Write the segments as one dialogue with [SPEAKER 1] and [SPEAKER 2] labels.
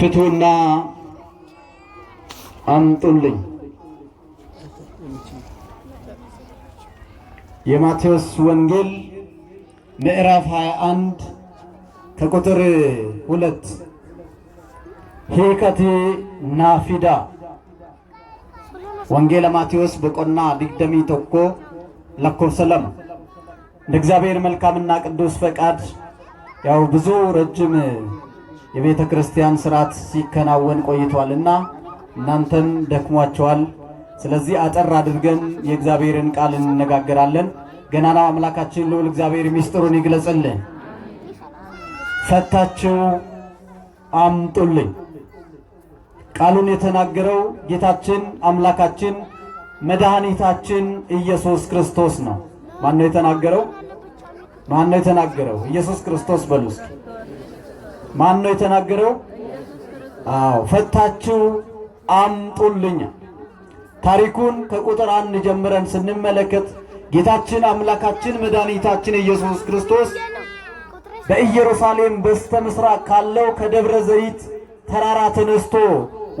[SPEAKER 1] ፍቱና አምጡልኝ። የማቴዎስ ወንጌል ምዕራፍ 21 ከቁጥር ሁለት ሄከት ናፊዳ ወንጌለ ማቴዎስ በቆና ድግደሚ ተኮ ለኮብሰ ለማ እንደ እግዚአብሔር መልካምና ቅዱስ ፈቃድ ያው ብዙ ረጅም የቤተ ክርስቲያን ስርዓት ሲከናወን ቆይቷልና እናንተም ደክሟቸዋል። ስለዚህ አጠር አድርገን የእግዚአብሔርን ቃል እንነጋገራለን። ገናናው አምላካችን ልዑል እግዚአብሔር ሚስጥሩን ይግለጽልን። ፈታችሁ አምጡልኝ። ቃሉን የተናገረው ጌታችን አምላካችን መድኃኒታችን ኢየሱስ ክርስቶስ ነው። ማን ነው የተናገረው? ማን ነው የተናገረው? ኢየሱስ ክርስቶስ በሉ እስኪ ማን ነው የተናገረው? አዎ ፈታችሁ አምጡልኝ። ታሪኩን ከቁጥር አንድ ጀምረን ስንመለከት ጌታችን አምላካችን መድኃኒታችን ኢየሱስ ክርስቶስ በኢየሩሳሌም በስተ ምስራቅ ካለው ከደብረ ዘይት ተራራ ተነስቶ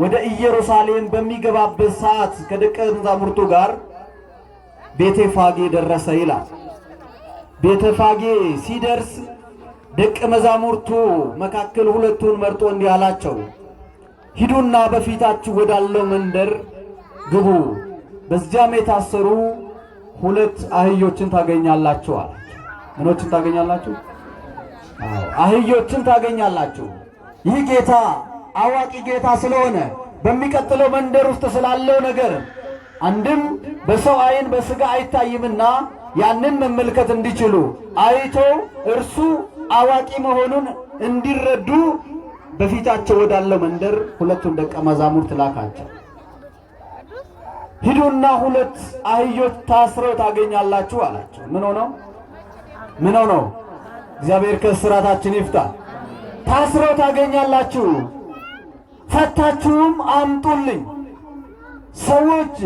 [SPEAKER 1] ወደ ኢየሩሳሌም በሚገባበት ሰዓት ከደቀ መዛሙርቱ ጋር ቤተፋጌ ደረሰ ይላል። ቤተፋጌ ሲደርስ ደቀ መዛሙርቱ መካከል ሁለቱን መርጦ እንዲህ አላቸው፣ ሂዱና በፊታችሁ ወዳለው መንደር ግቡ፣ በዚያም የታሰሩ ሁለት አህዮችን ታገኛላችሁ አለ። ምኖችን ታገኛላችሁ? አህዮችን ታገኛላችሁ። ይህ ጌታ አዋቂ ጌታ ስለሆነ በሚቀጥለው መንደር ውስጥ ስላለው ነገር አንድም በሰው ዓይን በስጋ አይታይምና ያንን መመልከት እንዲችሉ አይቶ እርሱ አዋቂ መሆኑን እንዲረዱ በፊታቸው ወዳለው መንደር ሁለቱን ደቀ መዛሙርት ላካቸው። ሂዱና ሁለት አህዮች ታስረው ታገኛላችሁ አላቸው። ምን ሆነው ምን ሆነው? እግዚአብሔር ከእስራታችን ይፍታ። ታስረው ታገኛላችሁ፣ ፈታችሁም አምጡልኝ። ሰዎች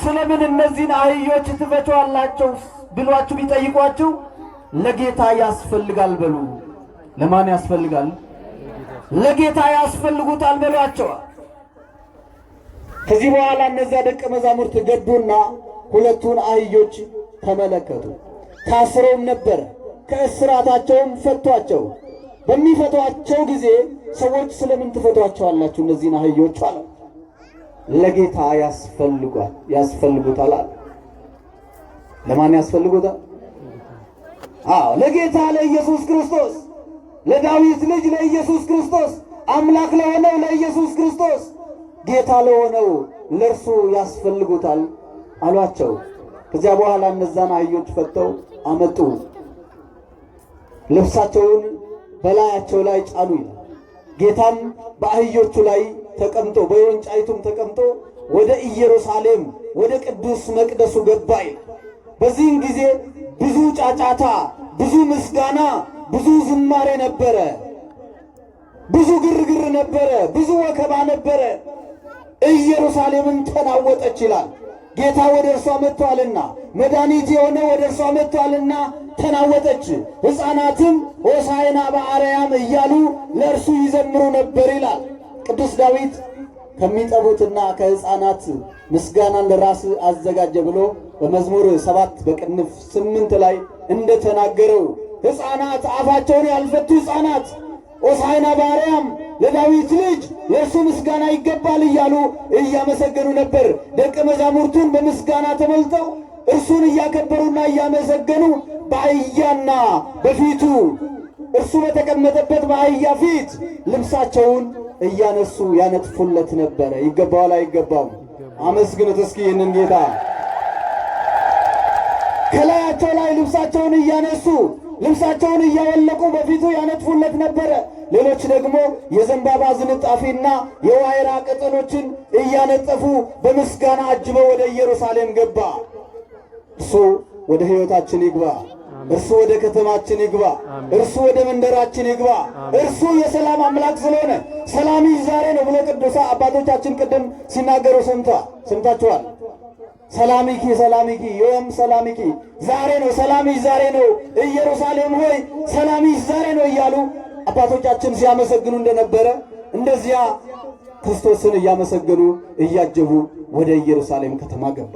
[SPEAKER 1] ስለምን እነዚህን አህዮች ትፈቷላቸው ብሏችሁ ቢጠይቋችሁ ለጌታ ያስፈልጋል በሉ። ለማን ያስፈልጋል? ለጌታ ያስፈልጉታል በሏቸው ከዚህ በኋላ እነዚያ ደቀ መዛሙርት ገዱና ሁለቱን አህዮች ተመለከቱ። ታስረውም ነበር ከእስራታቸውም ፈቷቸው። በሚፈቷቸው ጊዜ ሰዎች ስለምን ትፈቷቸዋላችሁ እነዚህን አህዮች አለ። ለጌታ ያስፈልጓል ያስፈልጉታል አለ። ለማን ያስፈልጉታል? አዎ ለጌታ ለኢየሱስ ክርስቶስ ለዳዊት ልጅ ለኢየሱስ ክርስቶስ አምላክ ለሆነው ለኢየሱስ ክርስቶስ ጌታ ለሆነው ለእርሱ ያስፈልጉታል አሏቸው። ከዚያ በኋላ እነዛን አህዮች ፈተው አመጡ፣ ልብሳቸውን በላያቸው ላይ ጫኑ ይላል። ጌታም በአህዮቹ ላይ ተቀምጦ በወንጫይቱም ተቀምጦ ወደ ኢየሩሳሌም ወደ ቅዱስ መቅደሱ ገባ ይላል። ጊዜ ብዙ ጫጫታ፣ ብዙ ምስጋና፣ ብዙ ዝማሬ ነበረ። ብዙ ግርግር ነበረ። ብዙ ወከባ ነበረ። ኢየሩሳሌምን ተናወጠች ይላል። ጌታ ወደ እርሷ መጥቷልና መድኃኒት የሆነ ወደ እርሷ መጥቷልና ተናወጠች። ሕፃናትም ሆሳዕና በአርያም እያሉ ለእርሱ ይዘምሩ ነበር ይላል ቅዱስ ዳዊት። ከሚጠቡትና ከሕፃናት ምስጋናን ለራስ አዘጋጀ ብሎ በመዝሙር ሰባት በቅንፍ ስምንት ላይ እንደተናገረው ሕፃናት አፋቸውን ያልፈቱ ሕፃናት ኦሳይና ባርያም ለዳዊት ልጅ የእርሱ ምስጋና ይገባል እያሉ እያመሰገኑ ነበር። ደቀ መዛሙርቱን በምስጋና ተመልተው እርሱን እያከበሩና እያመሰገኑ በአህያና በፊቱ እርሱ በተቀመጠበት በአህያ ፊት ልብሳቸውን እያነሱ ያነጥፉለት ነበረ። ይገባዋል አይገባም? አመስግኑት እስኪ ይህንን ጌታ ከላያቸው ላይ ልብሳቸውን እያነሱ ልብሳቸውን እያወለቁ በፊቱ ያነጥፉለት ነበረ። ሌሎች ደግሞ የዘንባባ ዝንጣፊና የዋይራ ቅጠሎችን እያነጠፉ በምስጋና አጅበው ወደ ኢየሩሳሌም ገባ። እርሱ ወደ ሕይወታችን ይግባ። እርሱ ወደ ከተማችን ይግባ። እርሱ ወደ መንደራችን ይግባ። እርሱ የሰላም አምላክ ስለሆነ ሰላም ዛሬ ነው ብሎ ቅዱሳ አባቶቻችን ቅድም ሲናገሩ ሰምታ ሰምታችኋል። ሰላሚኪ ሰላሚኪ ዮም ሰላሚኪ ዛሬ ነው ሰላሚ ዛሬ ነው ኢየሩሳሌም ሆይ ሰላሚ ዛሬ ነው እያሉ አባቶቻችን ሲያመሰግኑ እንደነበረ እንደዚያ ክርስቶስን እያመሰገኑ እያጀቡ ወደ ኢየሩሳሌም ከተማ ገባ።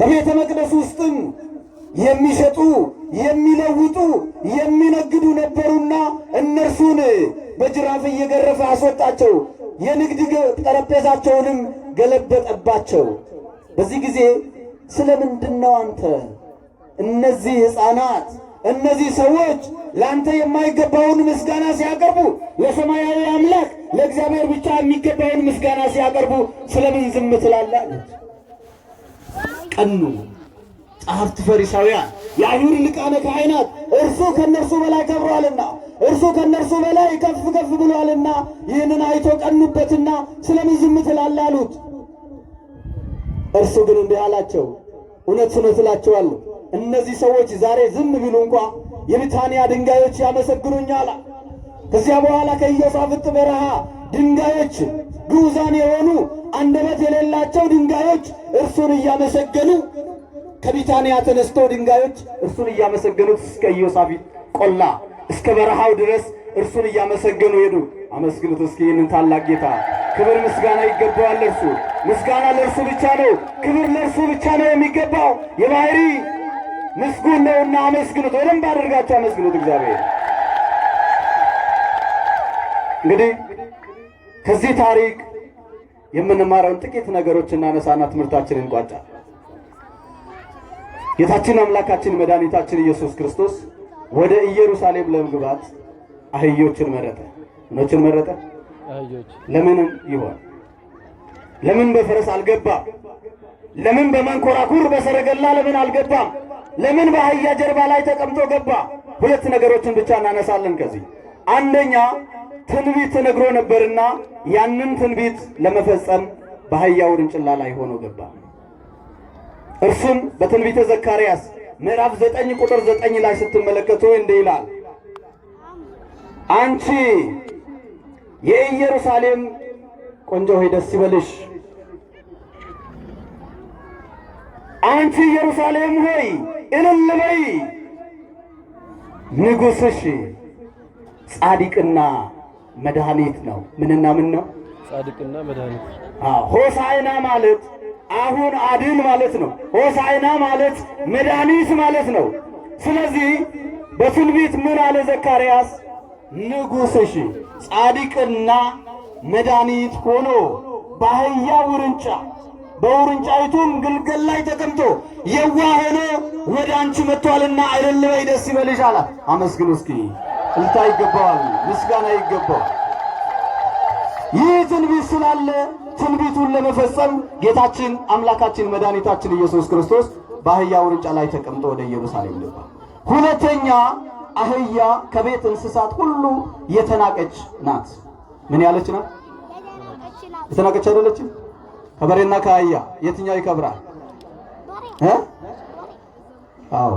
[SPEAKER 1] በቤተ መቅደስ ውስጥም የሚሸጡ የሚለውጡ የሚነግዱ ነበሩና እነርሱን በጅራፍ እየገረፈ አስወጣቸው። የንግድ ጠረጴዛቸውንም ገለበጠባቸው። በዚህ ጊዜ ስለምንድን ነው አንተ እነዚህ ሕፃናት እነዚህ ሰዎች ለአንተ የማይገባውን ምስጋና ሲያቀርቡ ለሰማያዊ አምላክ ለእግዚአብሔር ብቻ የሚገባውን ምስጋና ሲያቀርቡ ስለምን ዝም ትላላለች? ቀኑ ጸሐፍት ፈሪሳውያን፣ የአይሁድ ሊቃነ ካህናት እርሱ ከእነርሱ በላይ ከብሯልና እርሱ ከእነርሱ በላይ ከፍ ከፍ ብሏልና ይህንን አይቶ ቀኑበትና ስለምን ዝም ትላላሉት? እርሱ ግን እንዲህ አላቸው፣ እውነት እውነት እላቸዋለሁ እነዚህ ሰዎች ዛሬ ዝም ቢሉ እንኳ የቢታንያ ድንጋዮች ያመሰግኑኛል። ከዚያ በኋላ ከኢዮሳፍጥ በረሃ ድንጋዮች ግዑዛን የሆኑ አንደበት የሌላቸው ድንጋዮች እርሱን እያመሰገኑ ከቢታንያ ተነስተው ድንጋዮች እርሱን እያመሰገኑት እስከ ኢዮሳፊጥ ቆላ እስከ በረሃው ድረስ እርሱን እያመሰገኑ ሄዱ። አመስግኑት እስኪ ይህንን ታላቅ ጌታ። ክብር ምስጋና ይገባዋል ለእርሱ። ምስጋና ለእርሱ ብቻ ነው። ክብር ለእርሱ ብቻ ነው የሚገባው። የባህሪ ምስጉን ነውና አመስግኑት። በደንብ አድርጋችሁ አመስግኑት። እግዚአብሔር እንግዲህ ከዚህ ታሪክ የምንማረውን ጥቂት ነገሮች እናነሳና ትምህርታችንን እንቋጫ። ጌታችን አምላካችን መድኃኒታችን ኢየሱስ ክርስቶስ ወደ ኢየሩሳሌም ለመግባት አህዮችን መረጠ። ምኖችን መረጠ? ለምንም ይሆን? ለምን በፈረስ አልገባም? ለምን በመንኮራኩር በሰረገላ ለምን አልገባም? ለምን በአህያ ጀርባ ላይ ተቀምጦ ገባ? ሁለት ነገሮችን ብቻ እናነሳለን ከዚህ። አንደኛ ትንቢት ተነግሮ ነበርና ያንን ትንቢት ለመፈጸም በአህያ ውርንጭላ ላይ ሆኖ ገባ። እርሱም በትንቢተ ዘካርያስ ምዕራፍ ዘጠኝ ቁጥር ዘጠኝ ላይ ስትመለከቱ እንዲህ ይላል አንቺ የኢየሩሳሌም ቆንጆ ሆይ ደስ ይበልሽ። አንቺ ኢየሩሳሌም ሆይ እልል በይ፣ ንጉሥሽ ጻድቅና መድኃኒት ነው። ምንና ምን ነው?
[SPEAKER 2] ጻድቅና መድኃኒት።
[SPEAKER 1] ሆሳይና ማለት አሁን አድን ማለት ነው። ሆሳይና ማለት መድኃኒት ማለት ነው። ስለዚህ በትንቢት ምን አለ ዘካርያስ ንጉሥሽ ጻድቅና መድኃኒት ሆኖ በአህያ ውርንጫ በውርንጫይቱም ግልገል ላይ ተቀምጦ የዋ ሆኖ ወደ አንቺ መጥቷልና አይደል በይ ደስ ይበልሽ አላት። አመስግኑ እስኪ። እልታ ይገባዋል፣ ምስጋና ይገባዋል። ይህ ትንቢት ስላለ ትንቢቱን ለመፈጸም ጌታችን አምላካችን መድኃኒታችን ኢየሱስ ክርስቶስ በአህያ ውርንጫ ላይ ተቀምጦ ወደ ኢየሩሳሌም ገባ። ሁለተኛ አህያ ከቤት እንስሳት ሁሉ የተናቀች ናት። ምን ያለች ናት? የተናቀች አይደለችም? ከበሬና ከአህያ የትኛው ይከብራል? አዎ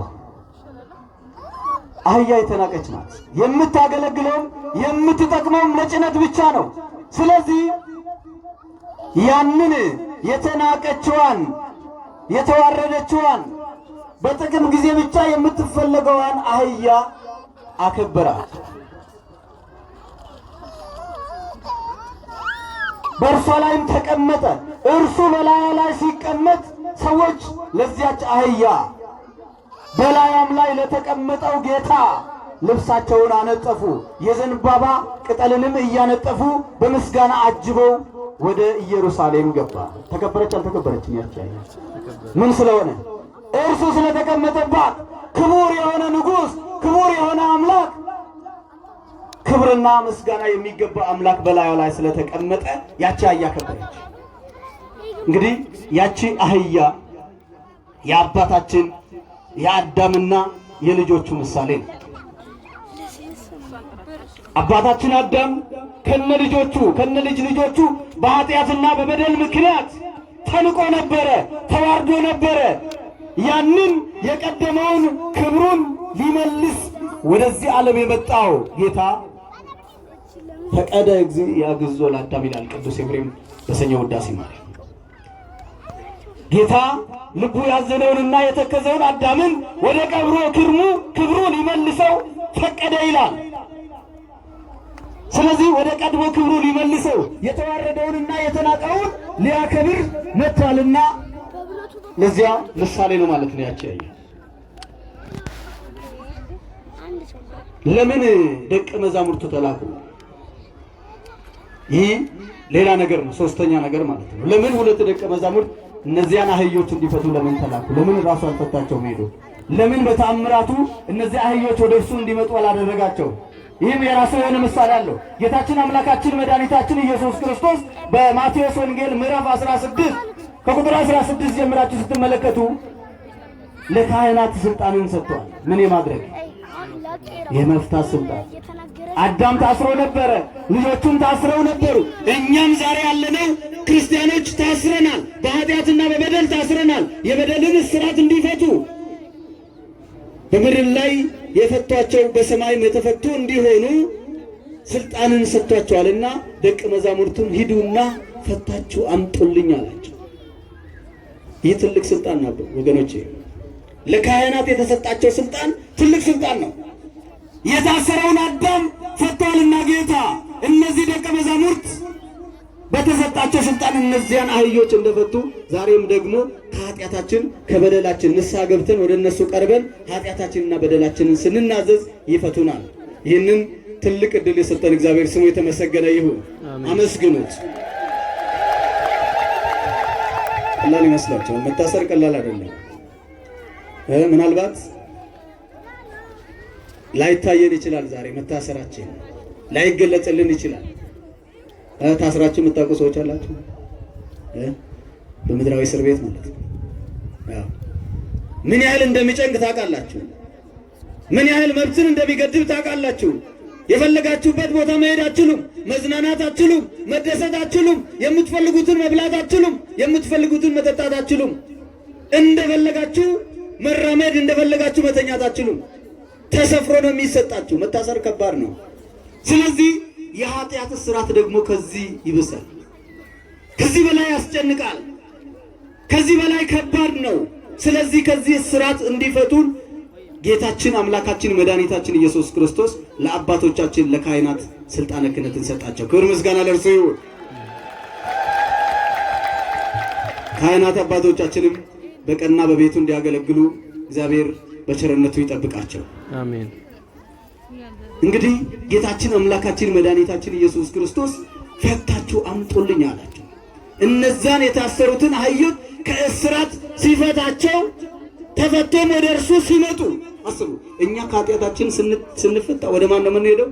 [SPEAKER 1] አህያ የተናቀች ናት። የምታገለግለውም የምትጠቅመውም ለጭነት ብቻ ነው። ስለዚህ ያንን የተናቀችዋን የተዋረደችዋን በጥቅም ጊዜ ብቻ የምትፈለገዋን አህያ አከበራት። በእርሷ ላይም ተቀመጠ። እርሱ በላያ ላይ ሲቀመጥ ሰዎች ለዚያች አህያ በላያም ላይ ለተቀመጠው ጌታ ልብሳቸውን አነጠፉ። የዘንባባ ቅጠልንም እያነጠፉ በምስጋና አጅበው ወደ ኢየሩሳሌም ገባ። ተከበረች አልተከበረችም? ያች ምን ስለሆነ እርሱ ስለተቀመጠባት ክቡር የሆነ ንጉሥ ክቡር የሆነ አምላክ ክብርና ምስጋና የሚገባ አምላክ በላዩ ላይ ስለተቀመጠ ያቺ አህያ ከበረች። እንግዲህ ያቺ አህያ የአባታችን የአዳምና የልጆቹ ምሳሌ ነው። አባታችን አዳም ከነ ልጆቹ ከነ ልጅ ልጆቹ በኃጢአትና በበደል ምክንያት ተንቆ ነበረ፣ ተዋርዶ ነበረ። ያንን የቀደመውን ክብሩን ሊመልስ ወደዚህ ዓለም የመጣው ጌታ ፈቀደ እግዚእ አግዞ ለአዳም ይላል ቅዱስ ኤፍሬም በሰኞ ውዳሴ ማለት ጌታ ልቡ ያዘነውንና የተከዘውን አዳምን ወደ ቀብሮ ክርሙ ክብሩ ሊመልሰው ፈቀደ ይላል። ስለዚህ ወደ ቀድሞ ክብሩ ሊመልሰው የተዋረደውንና የተናቀውን ሊያከብር መጥቷልና ለዚያ ምሳሌ ነው ማለት ነው ያቺ ለምን ደቀ መዛሙርቱ ተላኩ? ይህ ሌላ ነገር ነው፣ ሶስተኛ ነገር ማለት ነው። ለምን ሁለት ደቀ መዛሙርት እነዚያን አህዮች እንዲፈቱ ለምን ተላኩ? ለምን ራሱ አልፈታቸው ሄዱ? ለምን በተአምራቱ እነዚያ አህዮች ወደ እርሱ እንዲመጡ አላደረጋቸው? ይህም የራሱ የሆነ ምሳሌ አለው። ጌታችን አምላካችን መድኃኒታችን ኢየሱስ ክርስቶስ በማቴዎስ ወንጌል ምዕራፍ 16 ከቁጥር 16 ጀምራችሁ ስትመለከቱ ለካህናት ስልጣንን ሰጥቷል። ምን የማድረግ የመፍታት ስልጣን። አዳም ታስሮ ነበረ፣ ልጆቹም ታስረው ነበሩ። እኛም ዛሬ ያለነው ክርስቲያኖች ታስረናል፣ በኃጢአትና በበደል ታስረናል። የበደልን እስራት እንዲፈቱ በምድር ላይ የፈቷቸው በሰማይም የተፈቱ እንዲሆኑ ስልጣንን ሰጥቷቸዋልና ደቀ መዛሙርቱም ሂዱና ፈታችሁ አምጡልኝ አላቸው። ይህ ትልቅ ስልጣን ነበር ወገኖቼ። ለካህናት የተሰጣቸው ስልጣን ትልቅ ስልጣን ነው። የታሰረውን አዳም ፈቷልና ጌታ። እነዚህ ደቀ መዛሙርት በተሰጣቸው ስልጣን እነዚያን አህዮች እንደፈቱ ዛሬም ደግሞ ከኃጢአታችን ከበደላችን ንስሐ ገብተን ወደ እነሱ ቀርበን ኃጢአታችንና በደላችንን ስንናዘዝ ይፈቱናል። ይህንን ትልቅ እድል የሰጠን እግዚአብሔር ስሙ የተመሰገነ ይሁን። አመስግኑት። ቀላል ይመስላቸዋል። መታሰር ቀላል አይደለም። ምናልባት ላይታየን ይችላል። ዛሬ መታሰራችን ላይገለጽልን ይችላል። ታስራችሁ የምታውቁ ሰዎች አላችሁ፣ በምድራዊ እስር ቤት ማለት ነው። ምን ያህል እንደሚጨንቅ ታውቃላችሁ። ምን ያህል መብትን እንደሚገድብ ታውቃላችሁ። የፈለጋችሁበት ቦታ መሄድ አትችሉም፣ መዝናናት አትችሉም፣ መደሰት አትችሉም፣ የምትፈልጉትን መብላት አትችሉም፣ የምትፈልጉትን መጠጣት አትችሉም፣ እንደፈለጋችሁ መራመድ፣ እንደፈለጋችሁ መተኛት አትችሉም። ተሰፍሮ ነው የሚሰጣችሁ። መታሰር ከባድ ነው። ስለዚህ የኃጢአት እስራት ደግሞ ከዚህ ይብሳል፣ ከዚህ በላይ ያስጨንቃል፣ ከዚህ በላይ ከባድ ነው። ስለዚህ ከዚህ እስራት እንዲፈቱን ጌታችን አምላካችን መድኃኒታችን ኢየሱስ ክርስቶስ ለአባቶቻችን ለካህናት ስልጣነ ክህነትን ሰጣቸው። ክብር ምስጋና ለእርሱ ይሁን። ካህናት አባቶቻችንም በቀና በቤቱ እንዲያገለግሉ እግዚአብሔር በቸርነቱ ይጠብቃቸው። አሜን። እንግዲህ ጌታችን አምላካችን መድኃኒታችን ኢየሱስ ክርስቶስ ፈታችሁ አምጡልኝ አላቸው። እነዛን የታሰሩትን አህዮች ከእስራት ሲፈታቸው ተፈቶም ወደ እርሱ ሲመጡ አስቡ። እኛ ከኃጢአታችን ስንፈታ ወደ ማን ነው የምንሄደው?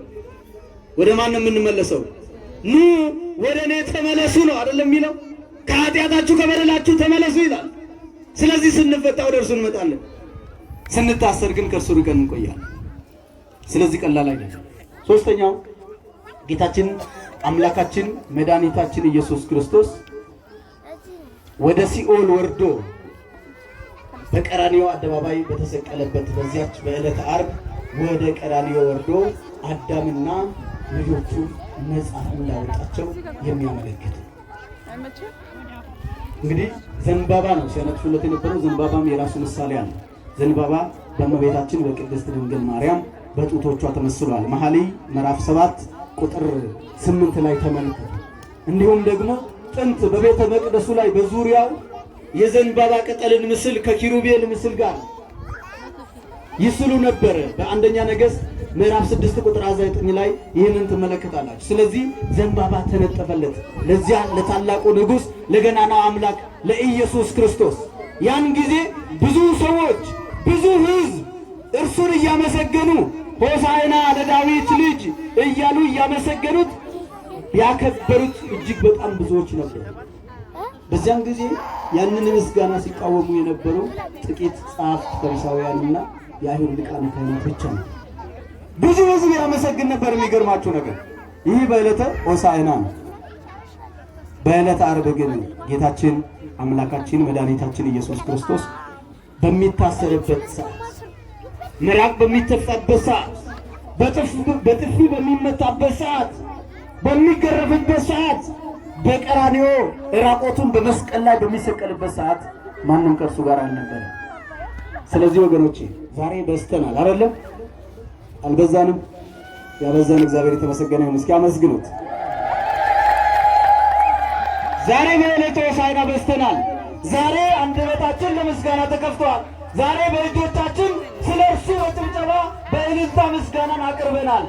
[SPEAKER 1] ወደ ማን ነው የምንመለሰው? ኑ ወደ እኔ ተመለሱ ነው አይደለም የሚለው። ከኃጢአታችሁ ከበደላችሁ ተመለሱ ይላል። ስለዚህ ስንፈታ ወደ እርሱ እንመጣለን። ስንታሰር ግን ከእርሱ ርቀን እንቆያለን። ስለዚህ ቀላል አይደለም። ሶስተኛው ጌታችን አምላካችን መድኃኒታችን ኢየሱስ ክርስቶስ ወደ ሲኦል ወርዶ በቀራኒዮ አደባባይ በተሰቀለበት በዚያች በዕለተ ዓርብ ወደ ቀራኒዮ ወርዶ አዳምና ልጆቹ ነፃ እንዳወጣቸው የሚያመለክት እንግዲህ ዘንባባ ነው ሲያነጥፉለት የነበረው። ዘንባባም የራሱ ምሳሌ አለው። ዘንባባ በእመቤታችን በቅድስት ድንግል ማርያም በጡቶቿ ተመስሏል። መኃልየ ምዕራፍ ሰባት ቁጥር ስምንት ላይ ተመልከቱ። እንዲሁም ደግሞ ጥንት በቤተ መቅደሱ ላይ በዙሪያው የዘንባባ ቅጠልን ምስል ከኪሩቤል ምስል ጋር ይስሉ ነበረ። በአንደኛ ነገሥት ምዕራፍ 6 ቁጥር 9 ላይ ይህንን ትመለከታላችሁ። ስለዚህ ዘንባባ ተነጠፈለት ለዚያ ለታላቁ ንጉሥ ለገናና አምላክ ለኢየሱስ ክርስቶስ ያን ጊዜ ብዙ ሰዎች ብዙ ሕዝብ እርሱን እያመሰገኑ ሆሳዕና ለዳዊት ልጅ እያሉ እያመሰገኑት ያከበሩት እጅግ በጣም ብዙዎች ነበሩ። በዚያም ጊዜ ያንን ምስጋና ሲቃወሙ የነበሩ ጥቂት ጸሐፍት ፈሪሳውያንና የአይሁድ ሊቃነ ካህናት ብቻ ነው። ብዙ ሕዝብ ያመሰግን ነበር። የሚገርማችሁ ነገር ይህ በዕለተ ሆሳዕና ነው። በዕለተ ዓርብ ግን ጌታችን አምላካችን መድኃኒታችን ኢየሱስ ክርስቶስ በሚታሰርበት ሰዓት፣ ምራቅ በሚተፋበት ሰዓት፣ በጥፊ በሚመታበት ሰዓት፣ በሚገረፍበት ሰዓት፣ በቀራንዮ ራቆቱን በመስቀል ላይ በሚሰቀልበት ሰዓት ማንም ከእርሱ ጋር አልነበረ። ስለዚህ ወገኖቼ ዛሬ በስተናል አይደለም? አልበዛንም? ያበዛን እግዚአብሔር የተመሰገነ ይሁን። እስኪ አመስግኑት። ዛሬ በዕለተ ሆሳዕና በስተናል። ዛሬ አንደበታችን ለምስጋና ተከፍቷል። ዛሬ በእጆቻችን ስለ እርሱ በጭብጨባ በእልልታ ምስጋናን አቅርበናል።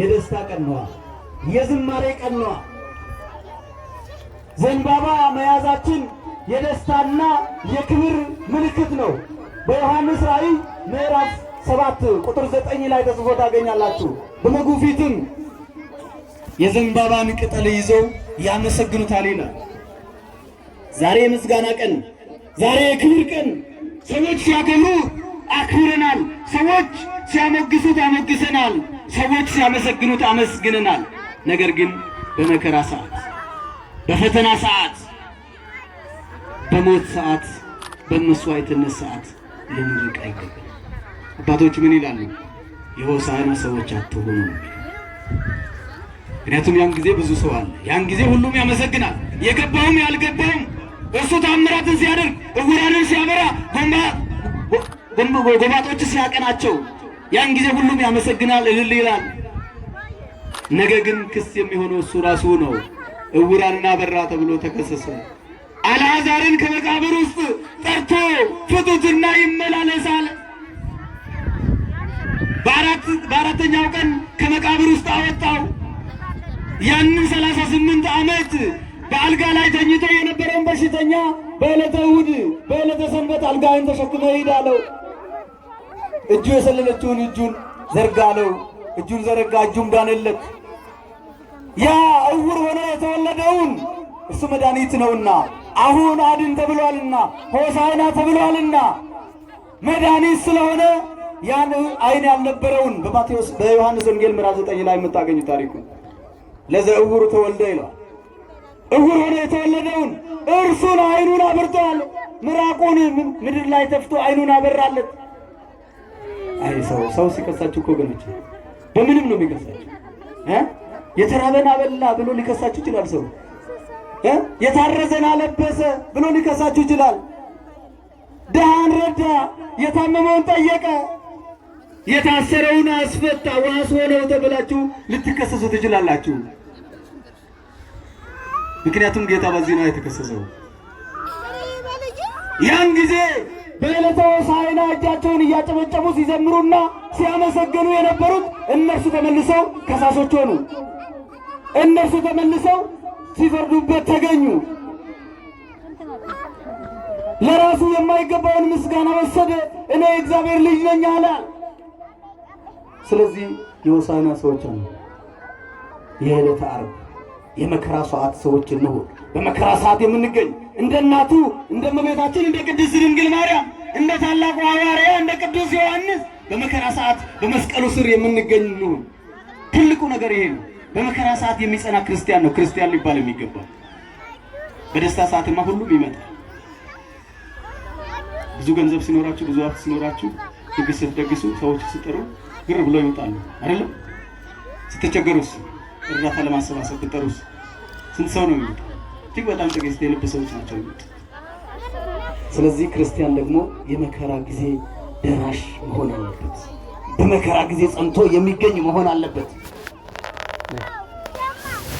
[SPEAKER 1] የደስታ ቀን ነዋ፣ የዝማሬ ቀን ነዋ። ዘንባባ መያዛችን የደስታና የክብር ምልክት ነው። በዮሐንስ ራእይ ምዕራፍ ሰባት ቁጥር ዘጠኝ ላይ ተጽፎ ታገኛላችሁ። በበጉ ፊትም የዘንባባን ቅጠል ይዘው ያመሰግኑታል ይላል። ዛሬ የምስጋና ቀን፣ ዛሬ የክብር ቀን። ሰዎች ሲያከብሩ አክብረናል። ሰዎች ሲያሞግሱት አሞግሰናል። ሰዎች ሲያመሰግኑት አመስግነናል። ነገር ግን በመከራ ሰዓት፣ በፈተና ሰዓት፣ በሞት ሰዓት፣ በመስዋዕትነት ሰዓት ልንርቅ አይገባም። አባቶች ምን ይላሉ? የሆሳዕና ሰዎች አትሆኑ። ምክንያቱም ያን ጊዜ ብዙ ሰው አለ። ያን ጊዜ ሁሉም ያመሰግናል፣ የገባውም ያልገባውም እሱ ታምራትን ሲያደርግ እውራንን ሲያበራ ጎባጦች ሲያቀናቸው ያን ጊዜ ሁሉም ያመሰግናል፣ እልል ይላል። ነገ ግን ክስ የሚሆነው እሱ ራሱ ነው። እውራና በራ ተብሎ ተከሰሰ። አልዓዛርን ከመቃብር ውስጥ ጠርቶ ፍቱትና ይመላለሳል። በአራተኛው ቀን ከመቃብር ውስጥ አወጣው። ያንን ሰላሳ ስምንት ዓመት በአልጋ ላይ ተኝቶ የነበረውን በሽተኛ በዕለተ እሑድ በዕለተ ሰንበት አልጋህን ተሸክመ ሂድ አለው። እጁ የሰለለችውን እጁን ዘርጋ አለው። እጁን ዘረጋ፣ እጁም ዳነለት። ያ እውር ሆነ የተወለደውን እሱ መድኃኒት ነውና አሁን አድን ተብሏልና ሆሳዕና ተብሏልና መድኃኒት ስለሆነ ያን አይን ያልነበረውን በማቴዎስ በዮሐንስ ወንጌል ምዕራፍ 9 ላይ የምታገኙ ታሪኩ ለዘ እውር ተወልደ ይለዋል። እውር ሆኖ የተወለደውን እርሱን አይኑን አብርተዋል። ምራቁን ምድር ላይ ተፍቶ አይኑን አበራለት። አይ ሰው ሰው ሲከሳችሁ እኮ ወገኖች በምንም ነው የሚከሳችሁ። የተራበን አበላ ብሎ ሊከሳችሁ ይችላል። ሰው የታረዘን አለበሰ ብሎ ሊከሳችሁ ይችላል። ድሃን ረዳ፣ የታመመውን ጠየቀ፣ የታሰረውን አስፈታ፣ ዋስ ሆነው ተብላችሁ ልትከሰሱ ትችላላችሁ። ምክንያቱም ጌታ በዚህ ነው የተከሰሰው። ያን ጊዜ በዕለተ ሆሳዕና እጃቸውን እያጨበጨቡ ሲዘምሩና ሲያመሰግኑ የነበሩት እነርሱ ተመልሰው ከሳሾች ሆኑ። እነርሱ ተመልሰው ሲፈርዱበት ተገኙ። ለራሱ የማይገባውን ምስጋና ወሰደ። እኔ እግዚአብሔር ልጅ ነኝ አለ። ስለዚህ የሆሳዕና ሰዎች አሉ የዕለተ ዓርብ የመከራ ሰዓት ሰዎች እንሁ በመከራ ሰዓት የምንገኝ እንደ እናቱ እንደ እመቤታችን እንደ ቅድስት ድንግል ማርያም እንደ ታላቁ ሐዋርያ እንደ ቅዱስ ዮሐንስ በመከራ ሰዓት በመስቀሉ ስር የምንገኝ እንሁን። ትልቁ ነገር ይሄ ነው። በመከራ ሰዓት የሚጸና ክርስቲያን ነው ክርስቲያን ሊባል የሚገባው። በደስታ ሰዓትማ ሁሉም ይመጣል። ብዙ ገንዘብ ሲኖራችሁ፣ ብዙ ሀብት ሲኖራችሁ ድግስ ስትደግሱ ሰዎች ሲጠሩ ግር ብሎ ይወጣሉ አይደለም? ስትቸገሩስ እርዳታ ለማሰባሰብ ብጠሩስ ስንት ሰው ነው የሚሉት? እጅግ በጣም ጥቂት የልብ ሰዎች ናቸው የሚሉት። ስለዚህ ክርስቲያን ደግሞ የመከራ ጊዜ ደራሽ መሆን አለበት። በመከራ ጊዜ ጸንቶ የሚገኝ መሆን አለበት።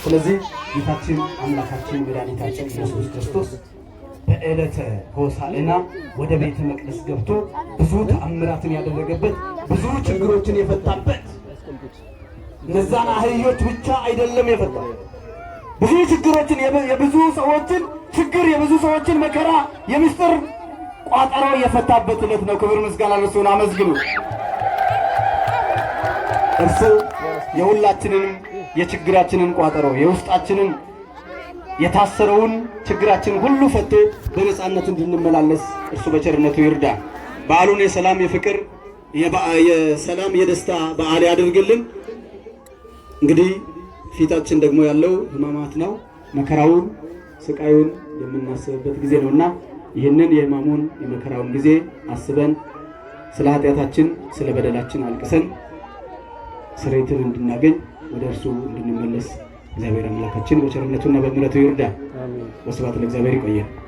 [SPEAKER 1] ስለዚህ ጌታችን አምላካችን መድኃኒታችን ኢየሱስ ክርስቶስ በዕለተ ሆሳዕና ወደ ቤተ መቅደስ ገብቶ ብዙ ተአምራትን ያደረገበት ብዙ ችግሮችን የፈታበት እነዛን አህዮች ብቻ አይደለም የፈታ ብዙ ችግሮችን የብዙ ሰዎችን ችግር የብዙ ሰዎችን መከራ የምስጢር ቋጠሮ የፈታበት ዕለት ነው። ክብር ምስጋና ለሱን አመስግኑ። እርሱ የሁላችንንም የችግራችንን ቋጠሮ የውስጣችንን የታሰረውን ችግራችን ሁሉ ፈቶ በነፃነት እንድንመላለስ እርሱ በቸርነቱ ይርዳ። በዓሉን የሰላም የፍቅር የሰላም የደስታ በዓል ያድርግልን። እንግዲህ ፊታችን ደግሞ ያለው ህማማት ነው። መከራውን ስቃዩን የምናስብበት ጊዜ ነውና ይህንን የህማሙን የመከራውን ጊዜ አስበን ስለ ኃጢአታችን ስለ በደላችን አልቅሰን ስሬትን እንድናገኝ ወደ እርሱ እንድንመለስ እግዚአብሔር አምላካችን በቸርነቱና በምሕረቱ ይርዳ። ወስብሐት ለእግዚአብሔር። ይቆያል።